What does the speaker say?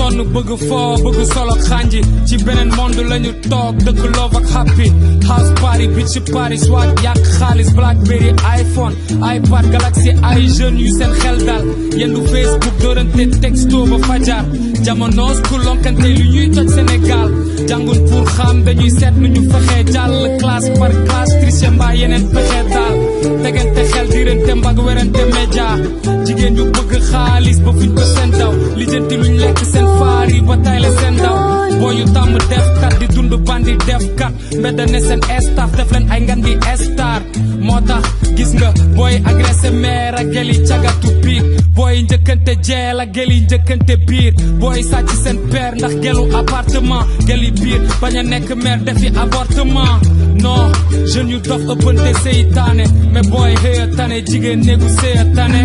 sonn bëgg foo bëgg solo xànji ci beneen monde lañu toog dëkk love ak happy house party bitch party swag yàq xaalis blackberry iphone ipad galaxy ay jeunes yu seen xel daal yendu facebook dóorante texto ba fajar jamonoos ku lonkante lu ñuy toj sénégal jàngun pour xam dañuy seet nu ñu fexee jàll classe par classe triche mbaa yeneen pexe daal tegante xel dirante mbag werante média jigéen yu bëgg xaalis ba fuñ ko lijjanti luñ lekk seen faar yi ba tay seen daw boo tàmm def di dund bandi def kat seen estaf def leen ay ngan di estar moo tax gis nga booy agressé meer ak geli cagatu piir booy njëkkante jeel ak geli njëkkante biir booy sàcc seen peer ndax gelu appartement geli biir bañ a nekk meer defi avortement non jeunes yu dof ëppante seytaane mais booy xëya tane jigéen néegu sëya tane